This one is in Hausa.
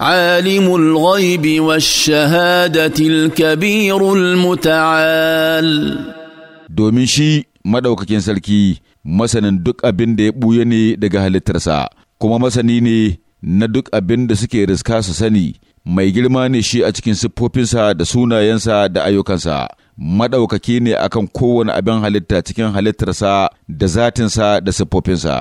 عالم الغيب والشهادة الكبير المتعال domin shi maɗaukakin sarki masanin duk abin da ya ɓuya ne daga halittarsa kuma masani ne na duk abin da suke riska su sani mai girma ne shi a cikin siffofinsa da sunayensa da ayyukansa maɗaukaki ne a kan kowane abin halitta cikin halittarsa da zatinsa da siffofinsa